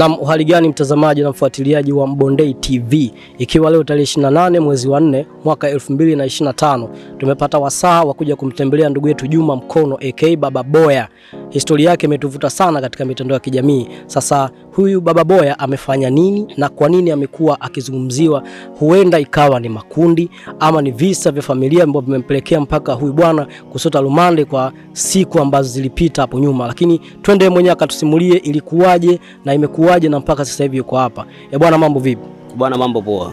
Na uhali gani mtazamaji na mfuatiliaji wa Mbondei TV, ikiwa leo tarehe 28 mwezi wa 4 mwaka 2025 tumepata wasaa wa kuja kumtembelea ndugu yetu Juma Mkono aka Baba Boya. Historia yake imetuvuta sana katika mitandao ya kijamii. Sasa huyu Baba Boya amefanya nini na kwa nini amekuwa akizungumziwa. Huenda ikawa ni makundi ama ni visa vya familia ambavyo vimempelekea mpaka huyu bwana kusota lumande kwa siku ambazo zilipita hapo nyuma, lakini twende mwenyewe akatusimulie ilikuwaje na imekuwaje na mpaka sasa hivi yuko hapa. E bwana, mambo vipi? Bwana, mambo poa.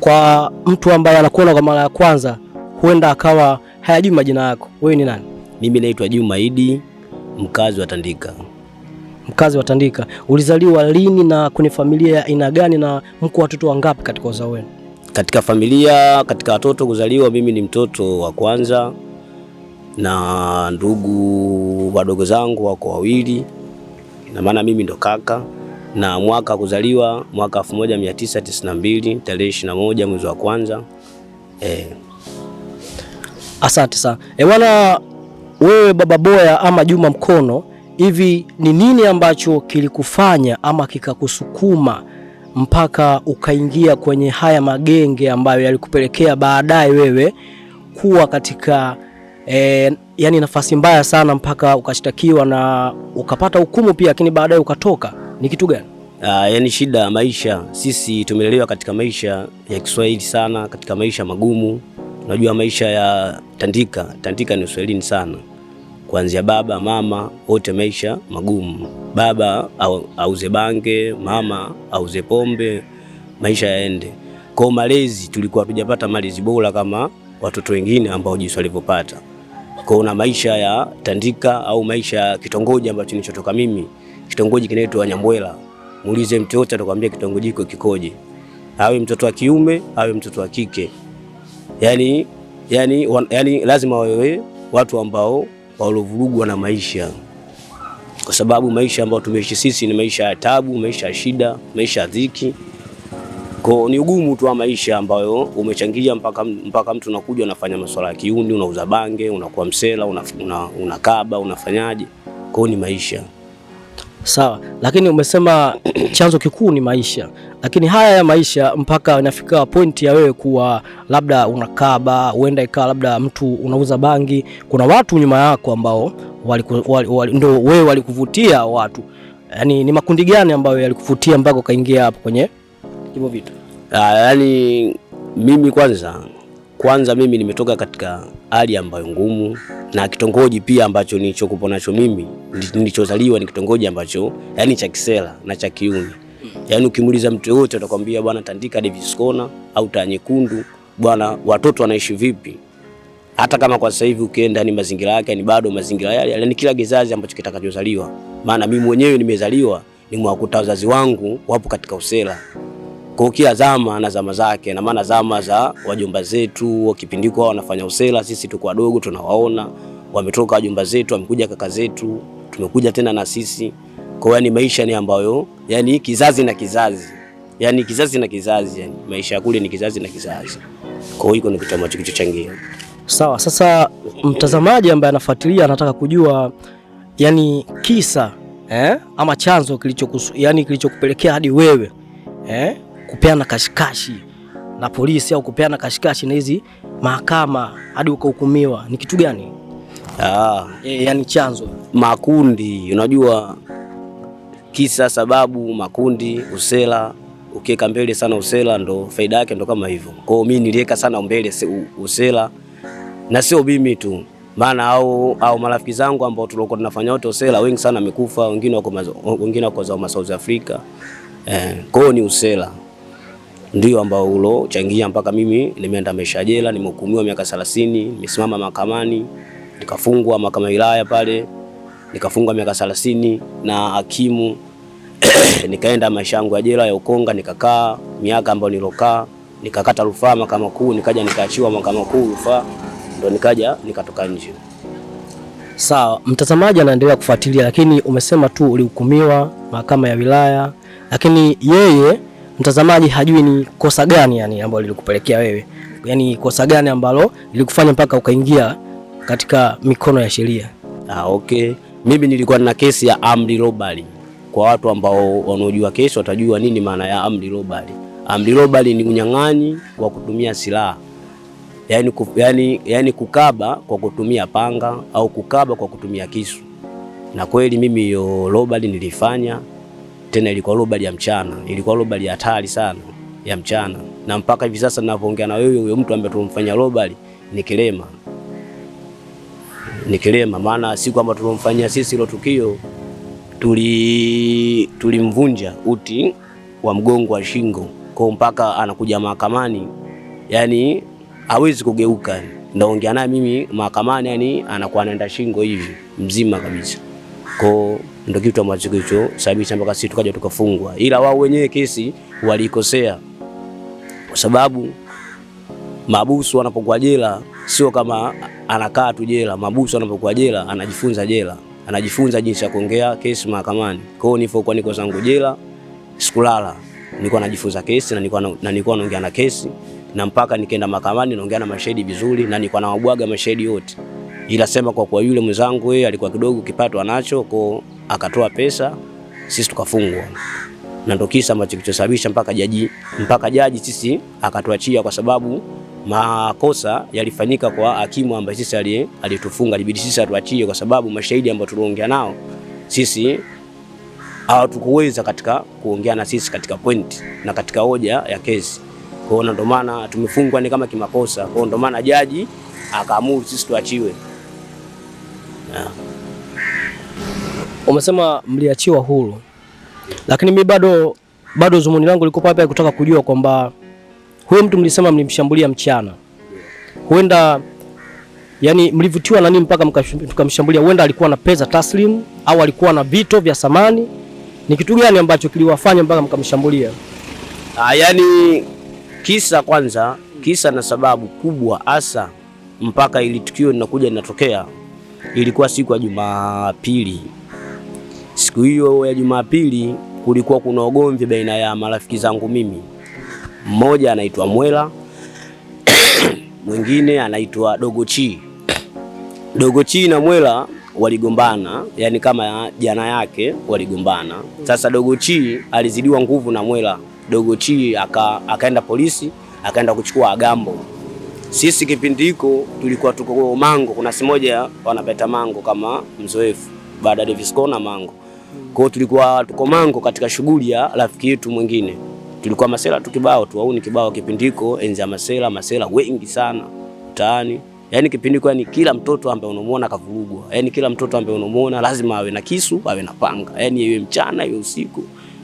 Kwa mtu ambaye anakuona kwa mara ya kwanza, huenda akawa hayajui majina yako, wewe ni nani? Mimi naitwa Juma Idi, mkazi wa Tandika mkazi wa Tandika, ulizaliwa lini na kwenye familia ya aina gani na mko watoto wangapi katika uzao wenu? Katika familia, katika watoto kuzaliwa, mimi ni mtoto wa kwanza na ndugu wadogo zangu wako wawili, ina maana mimi ndo kaka. Na mwaka kuzaliwa mwaka 1992 tarehe 21 mwezi wa kwanza. Eh, asante sana. E, wewe baba boya ama Juma Mkono Hivi ni nini ambacho kilikufanya ama kikakusukuma mpaka ukaingia kwenye haya magenge ambayo yalikupelekea baadaye wewe kuwa katika e, yani nafasi mbaya sana mpaka ukashtakiwa na ukapata hukumu pia, lakini baadaye ukatoka? Ni kitu gani? Uh, yani shida ya maisha. Sisi tumelelewa katika maisha ya Kiswahili sana, katika maisha magumu. Unajua maisha ya tandika tandika ni Uswahilini sana kuanzia baba mama wote maisha magumu, baba auze bange, mama auze pombe, maisha yaende. Kwa malezi tulikuwa hatujapata malezi bora kama watoto wengine ambao jinsi walivyopata. Kwa una maisha ya Tandika au maisha ya kitongoji ambacho nilichotoka mimi, kitongoji kinaitwa Nyambwela. Muulize mtu yote atakwambia kitongoji hiko kikoje, awe mtoto wa kiume awe mtoto wa kike. Yani, yani, yani yaani lazima wawe watu ambao waliovurugwa na maisha, kwa sababu maisha ambayo tumeishi sisi ni maisha ya tabu, maisha ya shida, maisha ya dhiki. Kwa ni ugumu tu wa maisha ambayo umechangia mpaka, mpaka mtu unakuja unafanya masuala ya kiundi, unauza bange, unakuwa msela, unakaba, una, una unafanyaje? Kwa ni maisha Sawa, lakini umesema chanzo kikuu ni maisha, lakini haya ya maisha mpaka inafika pointi ya wewe kuwa labda unakaba, huenda ikawa labda mtu unauza bangi, kuna watu nyuma yako ambao waliku, wal, wal, ndo wewe walikuvutia watu, yaani ni makundi gani ambayo yalikuvutia mpaka ukaingia hapo kwenye hivyo vitu? Ah, yaani mimi kwanza kwanza mimi nimetoka katika hali ambayo ngumu na kitongoji pia ambacho nilichokuwa nacho mimi nilichozaliwa ni kitongoji ambacho yani cha Kisela na cha Kiuni. Yani ukimuuliza mtu yote atakwambia bwana, tandika Davis Kona au taa nyekundu, bwana watoto wanaishi vipi? Hata kama kwa sasa hivi ukienda ni mazingira yake ni bado mazingira yale yani kila kizazi ambacho kitakachozaliwa. Maana mimi mwenyewe nimezaliwa, ni nimewakuta wazazi wangu wapo katika usela. Kwa kila zama na zama zake, na maana zama za wajumba zetu wakipindiko wanafanya usela, sisi tuko wadogo tunawaona, wametoka wajumba zetu, wamekuja kaka zetu, tumekuja tena na sisi. Kwa ni maisha ni ambayo yani kizazi na kizazi, yani kizazi na kizazi, yani maisha ya kule ni kizazi na kizazi. Kwa hiyo iko ni kitu ambacho kichochangia. Sawa, sasa mtazamaji ambaye anafuatilia anataka kujua yani kisa eh, ama chanzo kilicho yani kilichokupelekea hadi wewe eh kupeana kashikashi na polisi au kupeana kashikashi na hizi mahakama hadi ukahukumiwa ni kitu gani? Ah, e, yani chanzo makundi, unajua kisa sababu makundi, usela ukiweka mbele sana usela ndo faida yake ndo kama hivyo. Kwa hiyo mimi niliweka sana mbele usela, na sio mimi tu, maana au au marafiki zangu ambao tulikuwa tunafanya wote usela, wengi sana wamekufa, wengine wako wengine wako za South Africa eh, kwa hiyo ni usela ndio ambao changia mpaka mimi nimeenda maisha jela, nimehukumiwa miaka 30, nimesimama mahakamani nikafungwa mahakama wilaya pale nikafungwa miaka 30 na hakimu nikaenda maisha yangu ya jela ya Ukonga, nikakaa miaka ambayo nilokaa, nikakata rufaa mahakama kuu, nikaja nikaachiwa mahakama kuu rufaa, ndo nikaja nikatoka nje. Sawa, mtazamaji anaendelea kufuatilia, lakini umesema tu ulihukumiwa mahakama ya wilaya, lakini yeye mtazamaji hajui ni kosa gani yani ambalo lilikupelekea wewe, yani kosa gani ambalo lilikufanya mpaka ukaingia katika mikono ya sheria? Ah, okay. Mimi nilikuwa na kesi ya amri robali Kwa watu ambao wanaojua kesi watajua nini maana ya amri robali Amri robali ni unyang'anyi wa kutumia silaha yaani, yani, yani kukaba kwa kutumia panga au kukaba kwa kutumia kisu, na kweli mimi hiyo robali nilifanya. Tena ilikuwa robali ya mchana, ilikuwa robali ya hatari sana ya mchana, na mpaka hivi sasa ninapoongea na wewe, huyo mtu ambaye tumemfanyia robali ni Kilema, ni Kilema. Maana siku ambayo tulomfanyia sisi hilo tukio tuli tulimvunja uti wa mgongo wa shingo, kwa mpaka anakuja mahakamani, yani hawezi kugeuka. Ndaongea naye mimi mahakamani, yani anakuwa anaenda shingo hivi mzima kabisa kwa ndio kitu ambacho kilichosababisha mpaka sisi tukaja tukafungwa, ila wao wenyewe kesi walikosea, kwa sababu mabusu wanapokuwa jela sio kama anakaa tu jela. Mabusu anapokuwa jela anajifunza jela, anajifunza jinsi ya kuongea kesi mahakamani. Kwa hiyo nilipokuwa niko zangu jela sikulala, nilikuwa najifunza kesi na nilikuwa na nilikuwa naongea na kesi na mpaka nikaenda mahakamani naongea na mashahidi vizuri, na nilikuwa nawabwaga mashahidi yote, ila sema kwa kuwa yule mwenzangu yeye alikuwa kidogo kipato anacho kwa akatoa pesa, sisi tukafungwa, na ndo kisa ambacho kilichosababisha mpaka jaji mpaka jaji sisi akatuachia, kwa sababu makosa yalifanyika kwa hakimu ambaye sisi alitufunga, ilibidi sisi atuachie, kwa sababu mashahidi ambao tuliongea nao sisi hawatukuweza katika kuongea na sisi katika point na katika hoja ya kesi. Kwa hiyo ndio maana tumefungwa ni kama kimakosa. Kwa hiyo maana jaji akaamuru sisi tuachiwe, yeah. Umesema mliachiwa huru, lakini mi bado bado zumuni langu liko pale kutaka kujua kwamba huyo mtu mlisema mlimshambulia mchana, huenda yani mlivutiwa na nini mpaka mkamshambulia? Huenda alikuwa na pesa taslim au alikuwa na vito vya samani? Ni kitu gani ambacho kiliwafanya mpaka mkamshambulia? Ah, yani kisa kwanza, kisa na sababu kubwa hasa mpaka ili tukio linakuja linatokea, ilikuwa siku ya Jumapili. Siku hiyo ya Jumapili kulikuwa kuna ugomvi baina ya marafiki zangu mimi, mmoja anaitwa Mwela mwingine anaitwa Dogochi. Dogochi na Mwela waligombana, yani kama jana yake waligombana. Sasa Dogochi alizidiwa nguvu na Mwela, Dogochi aka, akaenda polisi akaenda kuchukua agambo. Sisi kipindi hiko tulikuwa tuko Mango, kuna simoja wanapeta Mango kama mzoefu baada ya Davis Mango kwa hiyo tulikuwa tuko mango katika shughuli ya rafiki yetu mwingine, tulikuwa masela tu kibao tu au ni kibao kipindiko, enzi ya masela, masela wengi sana mtaani. Yaani kipindiko, yani kila mtoto ambaye unamuona akavurugwa, yaani kila mtoto ambaye unamuona lazima awe na kisu, awe na panga, yaani iwe mchana iwe usiku,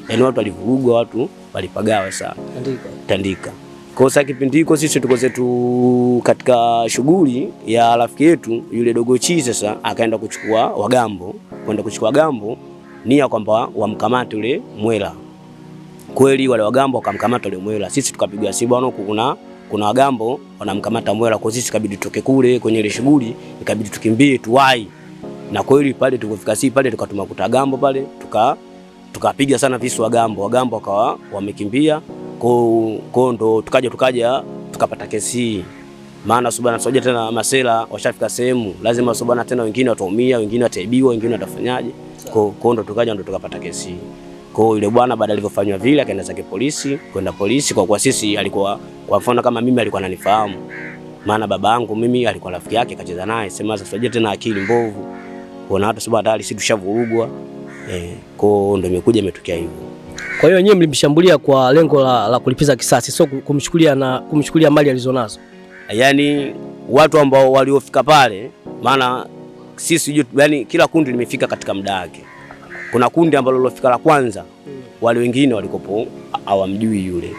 yaani watu walivurugwa, watu walipagawa sana tandika, tandika. Kwa sasa kipindi hiko sisi tuko zetu katika shughuli ya rafiki yetu yule dogo chizi. Sasa akaenda kuchukua wagambo, kwenda kuchukua gambo nia kwamba wamkamate ule mwela. Kweli wale wagambo wakamkamata ule mwela, sisi tukapigwa si bwana, kuna kuna wagambo wanamkamata mwela, kwa sisi ikabidi tutoke kule kwenye ile shughuli, ikabidi tukimbie tuwai. Na kweli pale tukufika, si pale tukatuma kuta gambo pale, tuka tukapiga sana visu wagambo, wagambo wakawa wamekimbia hiyo ndo tukaja tukaja tukapata kesi maana subhana soja tena masela washafika sehemu, lazima subhana tena wengine wataumia, wengine wataibiwa, wengine watafanyaje. Kwa hiyo ndo tukaja, ndo tukapata kesi. Kwa hiyo yule bwana baada alivyofanywa vile, akaenda zake polisi, kwenda polisi. Kwa kuwa sisi alikuwa kwa mfano kama mimi alikuwa ananifahamu, maana baba yangu mimi alikuwa rafiki yake, kacheza naye, sema sasa soja tena akili mbovu, kuna hata subhana tayari sisi tushavurugwa eh. Kwa hiyo ndo imekuja imetokea hivyo. Kwa hiyo wenyewe mlimshambulia kwa lengo la, la kulipiza kisasi, sio kumchukulia na kumchukulia mali alizonazo yani watu ambao waliofika pale, maana sisi yani kila kundi limefika katika muda wake. Kuna kundi ambalo lilofika la kwanza, wale wengine walikopo hawamjui yule,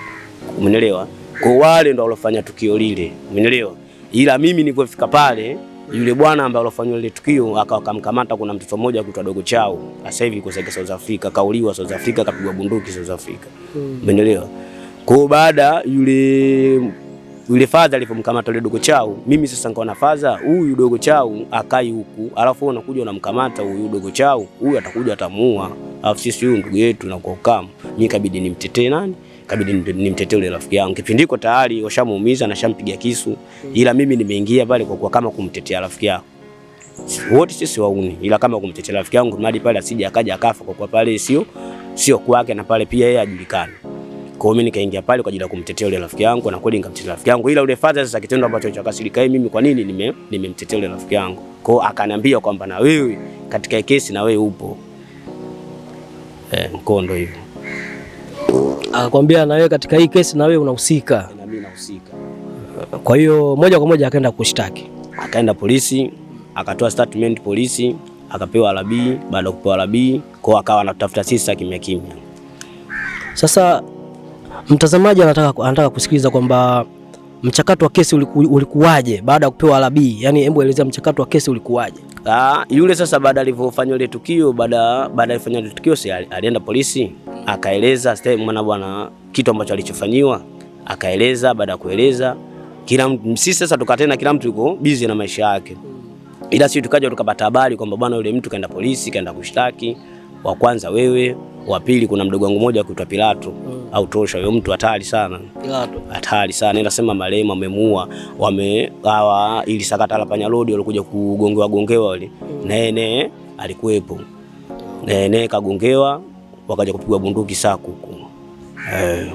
umeelewa? Kwa wale ndo walofanya tukio lile, umeelewa? Ila mimi nilipofika pale yule bwana ambaye alofanywa lile tukio akamkamata. Kuna mtoto mmoja kuitwa Dogo Chao, sasa hivi sasa South Africa, kauliwa South Africa, kapigwa bunduki South Africa, hmm. umeelewa? Kwa baada yule yule fadha alipomkamata yule dogo chau, mimi sasa nikaona fadha huyu dogo chau akai huku, alafu unakuja unamkamata huyu dogo chau, huyu atakuja atamuua, alafu sisi huyu ndugu yetu na kwa ukamu, mimi kabidi nimtetee nani, kabidi nimtetee yule rafiki yangu. Kipindi hiko tayari washamuumiza na shampiga kisu, ila mimi nimeingia pale kwa kuwa kama kumtetea rafiki yangu wote sisi wauni, ila kama kumtetea rafiki yangu mradi pale asije akaja akafa, kwa kuwa pale sio sio kwake, na pale pia yeye ajulikane. Kwa hiyo mimi nikaingia pale kwa ajili ya kumtetea yule rafiki yangu na kweli nikamtetea rafiki yangu. Ila yule father sasa kitendo ambacho cha kasiri kae mimi kwa nini nime nimemtetea yule rafiki yangu. Kwa hiyo akaniambia kwamba na wewe katika kesi na wewe upo. Eh, mkondo hivyo. Akakwambia na wewe katika hii kesi na wewe unahusika. Na mimi nahusika. Kwa hiyo moja kwa moja akaenda kushtaki. Akaenda polisi, akatoa statement polisi, akapewa alabi. baada ya kupewa alabi, kwa akawa anatafuta sisi kimya kimya. Sasa mtazamaji anataka, anataka kusikiliza kwamba mchakato wa kesi uliku, ulikuwaje baada ya kupewa alabi? Yani, hebu elezea mchakato wa kesi ulikuwaje? Ah, yule sasa baada alivyofanywa ile tukio, baada baada alifanywa ile tukio, si alienda polisi akaeleza mwana bwana kitu ambacho alichofanyiwa, akaeleza. Baada ya kueleza kila mtu, sisi sasa tukatena, kila mtu yuko busy na maisha yake, ila sisi tukaja tukapata habari kwamba bwana yule mtu kaenda polisi, kaenda kushtaki, wa kwanza wewe wa pili kuna mdogo wangu mmoja kuitwa Pilato mm. au Tosha. Huyo mtu hatari sana, Pilato hatari sana, nasema sema marehemu amemuua, wame hawa ili sakata la panya road walikuja kugongewa gongewa wale mm. nene alikuwepo nene kagongewa, wakaja kupigwa bunduki kuku eh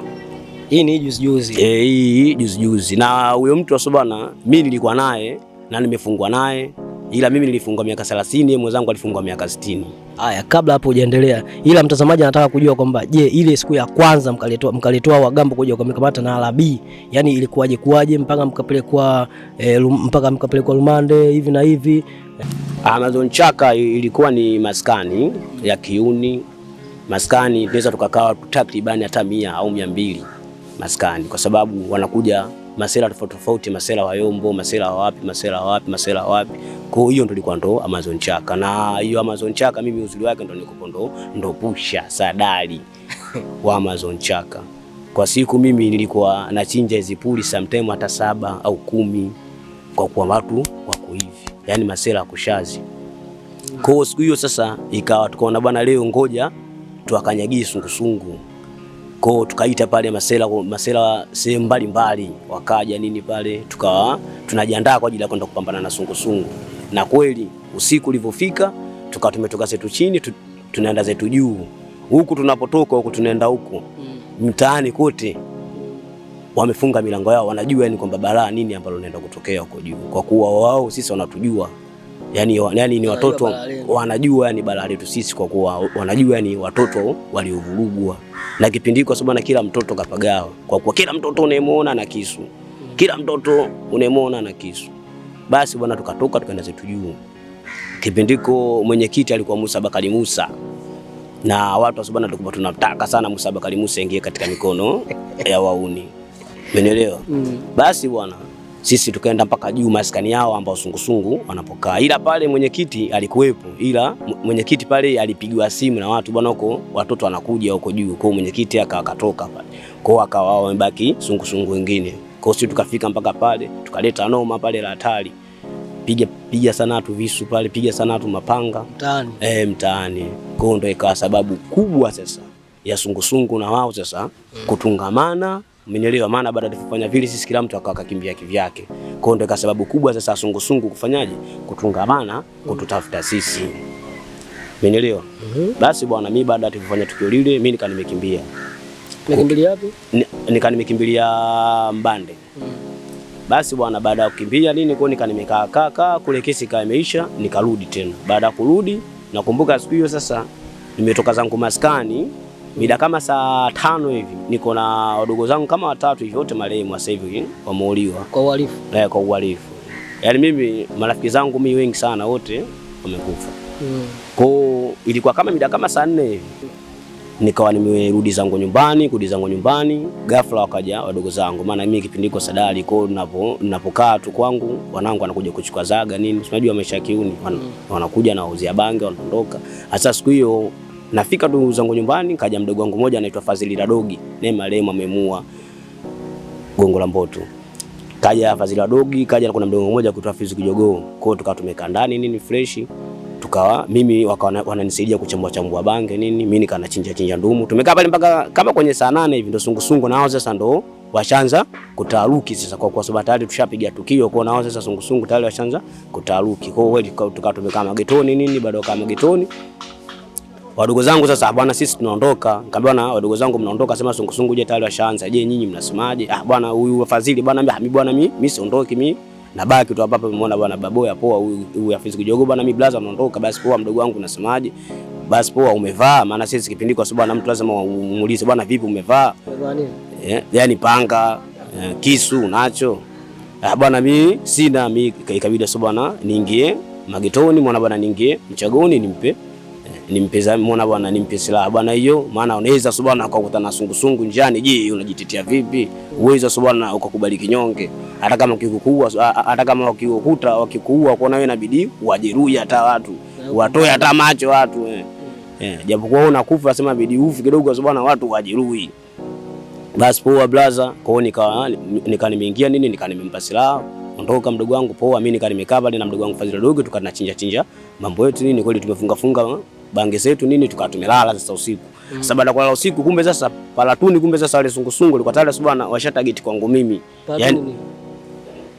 hii ni juzi juzi eh, hii juzi juzi. Na huyo mtu wa sobana, mimi nilikuwa naye na nimefungwa naye ila mimi nilifungwa miaka 30, mwenzangu alifungwa miaka 60. Haya, kabla hapo hujaendelea, ila mtazamaji anataka kujua kwamba je, ile siku ya kwanza mkaletoa mkaletoa wagambo kuja mkamkamata na alabi, yani ilikuwaje kuwaje mpaka mkapelekwa e, mpaka mkapelekwa rumande hivi na hivi? Ah, Amazon Chaka ilikuwa ni maskani ya Kiuni, maskani tunaweza tukakawa takriban hata mia au mia mbili maskani, kwa sababu wanakuja masela tofauti tofauti, masela wa Yombo, masela wa wapi, masela wa wapi, masela wa wapi. Kwa hiyo ndo ilikuwa ndo Amazon Chaka, na hiyo Amazon Chaka mimi uzuri wake ndo niko ndo ndo pusha sadali wa Amazon Chaka. Kwa siku mimi nilikuwa nachinja hizo puli sometime hata saba au kumi kwa kuwa watu wako hivi, yani masela kushazi. Kwa siku hiyo sasa ikawa tukaona bwana, leo ngoja tuwakanyagie sungusungu ko tukaita pale masela masela sehemu mbalimbali wakaja nini pale, tukawa tunajiandaa kwa ajili ya kwenda kupambana na sungusungu. Na kweli usiku ulivyofika, tukawa tumetoka zetu chini tu, tunaenda zetu juu huku tunapotoka huku tunaenda huku mm. mtaani kote wamefunga milango yao, wanajua ni kwamba balaa nini ambalo linaenda kutokea huko juu, kwa kuwa wao sisi wanatujua yani, yani ni watoto wanajua yani balaa letu sisi, kwa kuwa wanajua yani watoto waliovurugwa na kipindi, kwa sababu na kila mtoto kapagawa, kwa kuwa kila mtoto unayemuona na kisu, mm. kila mtoto unayemuona na kisu. Basi bwana, tukatoka tukaenda zetu juu. Kipindiko mwenyekiti alikuwa Musa Bakali Musa na watu wa Subana tulikuwa tunamtaka sana Musa Bakali Musa ingie katika mikono ya wauni, umenielewa? mm. Basi bwana sisi tukaenda mpaka juu maskani yao ambao sungusungu wanapokaa, ila pale mwenyekiti alikuwepo, ila mwenyekiti pale alipigiwa simu na watu, bwana, huko watoto wanakuja huko juu. Kwa mwenyekiti akakatoka pale, kwa akawa wamebaki sungusungu wengine. Kwa sisi tukafika mpaka pale tukaleta noma pale la hatari, piga piga sana tu visu pale, piga sana tu mapanga mtaani, eh mtaani. Kwa ndio ikawa sababu kubwa sasa ya sungusungu na wao sasa mm. kutungamana Umenielewa? Maana baada ya kufanya vile sisi kila mtu akawa kakimbia kivyake. Kwa hiyo ndio sababu kubwa sasa sungusungu kufanyaje? Kutungamana, kututafuta sisi. Umenielewa? Mm -hmm. Basi bwana, mimi baada ya kufanya tukio lile mimi nika nimekimbia. nikimbilia wapi? Nika nimekimbilia Mbande. Mm -hmm. Basi bwana, baada ya kukimbia nini kwa nika nimekaa kaka kule, kesi kama imeisha, nikarudi tena. Baada ya kurudi nakumbuka siku hiyo sasa nimetoka zangu maskani Mida kama saa tano hivi niko na wadogo zangu kama watatu hivi, wote marehemu sasa hivi wameuliwa kwa uhalifu eh, kwa uhalifu. Yaani mimi marafiki zangu mimi wengi sana wote wamekufa mm. Kwa ilikuwa kama mida kama saa nne hivi nikawa nimerudi zangu nyumbani, kurudi zangu nyumbani, ghafla wakaja wadogo zangu, maana mimi kipindi niko sadari kwao, ninapo ninapokaa tu kwangu, wanangu wanakuja kuchukua zaga nini, unajua maisha kiuni, hmm. wanakuja na wauzia bange, wanaondoka. Hasa siku hiyo Nafika tu zangu nyumbani, kaja mdogo wangu mmoja anaitwa Fazili Radogi, naye marehemu amemua Gongo la Mboto. Kaja Fazili Radogi, kaja kuna mdogo mmoja kutoa Fizi Kijogoo. Kwao tukawa tumekaa ndani nini fresh, tukawa mimi wananisaidia kuchambua chambua bange nini, mimi nikana nachinja chinja ndumu. Tumekaa pale mpaka kama kwenye saa nane hivi, ndo sungu sungu nao sasa ndo washanza kutaruki sasa, kwa kwa sababu tayari tushapiga tukio kwa nao sasa, sungu sungu tayari washanza kutaruki. Kwa hiyo tukawa tumekaa magetoni nini, bado kama magetoni wadogo zangu sasa, ah, bwana, sisi tunaondoka. Nikamwambia na wadogo zangu mnaondoka, sema sungusungu je tayari washaanza. Je, nyinyi mnasemaje? Ah bwana, huyu afadhili bwana, ah, mimi bwana, mimi mimi siondoki mimi nabaki tu hapa hapa. Umeona bwana, baboya poa, huyu afisi kijogo bwana, mimi blaza naondoka. Basi poa, mdogo wangu unasemaje? Basi poa, umevaa maana sisi kipindi kwa sababu mtu lazima umuulize bwana, vipi umevaa yeah, eh, yani panga yeah, kisu unacho? Ah bwana, mimi sina mimi. Ikabidi sababu bwana niingie magetoni, mwana bwana niingie mchagoni nimpe nimpe mwana bwana, nimpe silaha bwana hiyo, maana unaweza subhana ukakutana na sungusungu njiani. Je, unajitetea vipi? Uweza subhana ukakubali kinyonge, hata kama ukikuua, hata kama wakikukuta wakikuua, kwa nawe inabidi wajeruhi hata watu watoe hata macho watu eh. Yeah, japokuwa unakufa nasema bidi ufu kidogo subhana watu wajeruhi. Basi poa blaza, hiyo nika nika nimeingia nini nika nimempa silaha ondoka mdogo wangu poa. Mimi nika nimekaa pale na mdogo wangu Fadhila dogo, tukana chinja chinja mambo yetu nini, kweli tumefunga funga eh bange zetu nini, tukawa tumelala sasa usiku mm. Sasa baada ya kulala usiku, kumbe sasa palatuni, kumbe sasa wale sungusungu walikuwa tayari asubuhi na washa target kwangu mimi, yani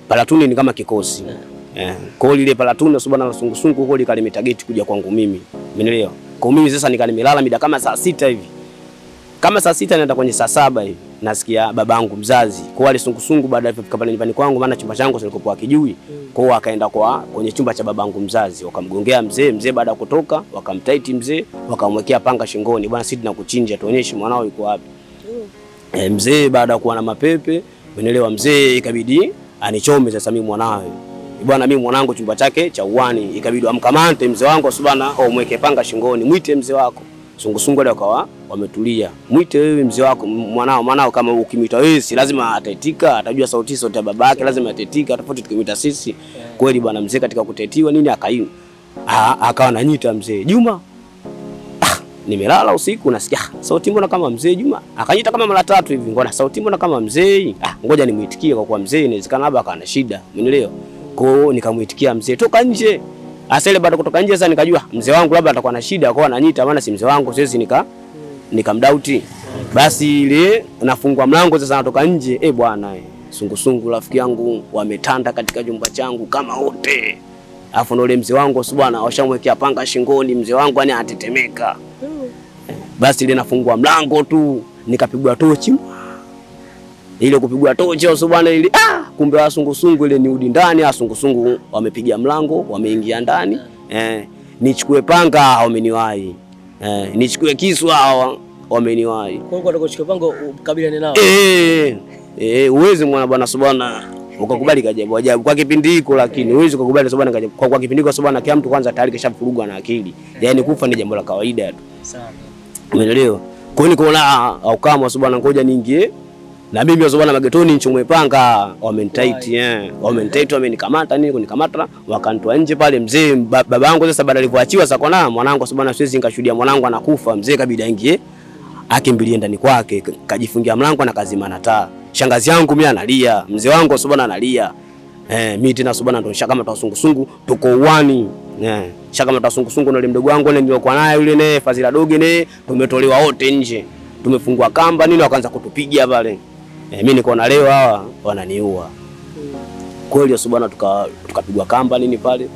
palatuni ni kama kikosi yeah. Yeah. Kwa lile palatuni asubuhi na sungusungu huko likalimi target kuja kwangu mimi, umeelewa? Kwa mimi sasa nikalimelala mida kama saa sita hivi, kama saa sita naenda kwenye saa saba hivi nasikia babangu mzazi kwa wale sungusungu, baada ya kufika pale nyumbani kwangu, maana chumba changu silikokuwa kijui mm. kwao, akaenda kwa kwenye chumba cha babangu mzazi, wakamgongea mzee. Mzee baada ya kutoka, wakamtaiti mzee, wakamwekea panga shingoni, bwana, sisi tunakuchinja, tuonyeshe mwanao yuko wapi. E, mzee baada ya kuwa na mapepe, unaelewa mzee, ikabidi anichome sasa mimi mwanawe bwana mimi mwanangu chumba chake cha uwani, ikabidi amkamante mzee wangu subhana, au mweke panga shingoni, mwite mzee wako sungusungu wale wakawa wametulia. Mwite wewe mzee wako mwanao, mwanao kama ukimwita wewe si lazima ataitika, atajua sauti sauti ya baba yake, lazima ataitika, tofauti tukimwita sisi. Kweli bwana mzee katika kutetiwa nini akaini akawa nanyita mzee Juma. Ah, nimelala usiku nasikia ah, sauti mbona kama mzee Juma. Akanyita kama mara tatu hivi, ngona sauti mbona kama mzee. Ah, ngoja nimuitikie kwa kuwa mzee inawezekana labda akawa na shida. Umeelewa? Kwao nikamuitikia mzee, toka nje. Hasa ile baada kutoka nje sasa nikajua mzee wangu labda atakuwa na shida kwa ananiita maana si mzee wangu siwezi nika nikamdoubt. Basi ile nafungua mlango sasa natoka nje eh, bwana eh, sungusungu rafiki yangu wametanda katika jumba changu kama wote. Alafu ndio ile mzee wangu sasa bwana washamwekea panga shingoni mzee wangu yani anatetemeka. Hmm. Basi ile nafungua mlango tu nikapigwa tochi ile kupigwa tochi au bwana ile ah, kumbe wasungusungu ile ni udi ndani, asungusungu wamepiga mlango, wameingia ndani eh, nichukue panga wameniwahi, eh, nichukue kisu wameniwahi. Kwa hiyo atakochukua panga ukabiliane nao eh, eh, eh uwezi mwana bwana subhana ukakubali kajabu ajabu kwa kipindi hiko, lakini huwezi kukubali sababu kajabu kwa, kwa kipindi hiko sababu kila mtu kwanza tayari kishafurugwa na akili, yani kufa ni jambo la kawaida tu, sawa, umeelewa? Kwa hiyo nikaona au kama sababu ngoja niingie na mimi wazobana magetoni nchi umepanga wamenitaiti eh, wamenikamata wamenikamata nini kunikamata, wakantoa nje pale. Mzee baba yangu sasa, baada alipoachiwa sako na mwanangu sababu bwana, siwezi nikashuhudia mwanangu anakufa. Mzee kabidi aingie akimbilie ndani kwake, kajifungia mlango na kazima na taa. Shangazi yangu mimi analia, mzee wangu sababu bwana analia eh, mimi tena sababu bwana ndo shakama tasungusungu, tuko uani eh, shakama na ndio mdogo wangu ile nilikuwa naye yule, naye Fazila dogi naye, tumetolewa wote nje, tumefungwa kamba nini, wakaanza kutupiga pale Eh, mimi niko na leo hawa wananiua. Kweli Yesu Bwana, tukapigwa tuka kamba nini pale,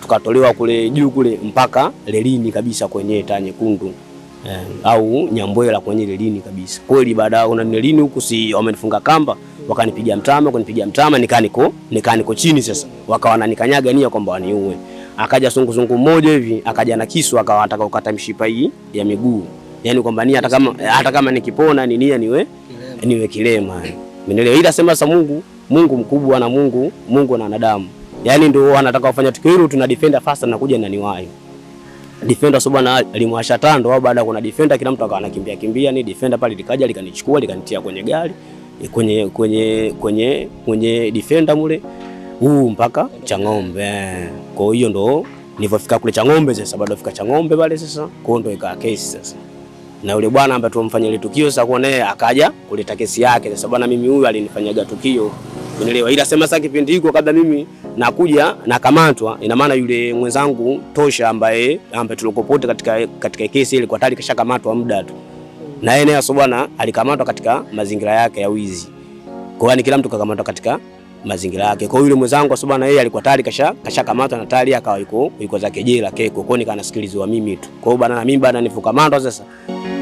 tukatolewa tuka kule juu kule mpaka lelini kabisa kwenye taa nyekundu. Eh, au Nyambwela kwenye lelini kabisa. Kweli baada ya kuna lelini huku si wamenifunga kamba, wakanipiga mtama, kunipiga mtama nikaniko nikaniko chini sasa. Wakawa wananikanyaga nia kwamba waniue. Akaja sungusungu mmoja hivi, akaja na kisu akawa anataka kukata mishipa hii ya miguu. yani kwamba nia hata kama hata kama nikipona ni nia niwe niwe kilema. Umeelewa? Ila sema sasa Mungu, Mungu mkubwa na Mungu, Mungu na wanadamu. Yaani ndio anataka wafanya tukio hilo tuna defender fast na kuja ndani wayo. Defender sababu na alimwasha tando au baada kuna defender kila mtu akawa anakimbia kimbia ni defender pale likaja likanichukua likanitia kwenye gari kwenye kwenye kwenye kwenye defender mule huu mpaka Chang'ombe. Kwa hiyo ndo nilivyofika kule Chang'ombe sasa, baada ya kufika Chang'ombe pale sasa, kwa hiyo ndo ikaa kesi sasa na yule bwana ambaye tumemfanyia ile tukio sasa, kwa naye akaja kuleta kesi yake. Sasa bwana, mimi huyu alinifanyaga tukio, unielewa. Ila sema sasa, kipindi hiko kabla mimi nakuja nakamatwa, ina maana yule mwenzangu Tosha ambaye ambaye tulokopote katika katika kesi ile, kwa tayari kashakamatwa muda tu, na yeye naye bwana alikamatwa katika mazingira yake ya wizi. Kwa hiyo ni kila mtu kakamatwa katika mazingira yake. Kwa hiyo yule mwenzangu kwa na yeye alikuwa tayari kasha kashakamatwa na tayari akawa yuko yuko zake jela Keko, kwa hiyo nikaanasikilizwa mimi tu. Kwa hiyo bana na mimi bana nifuka mando sasa.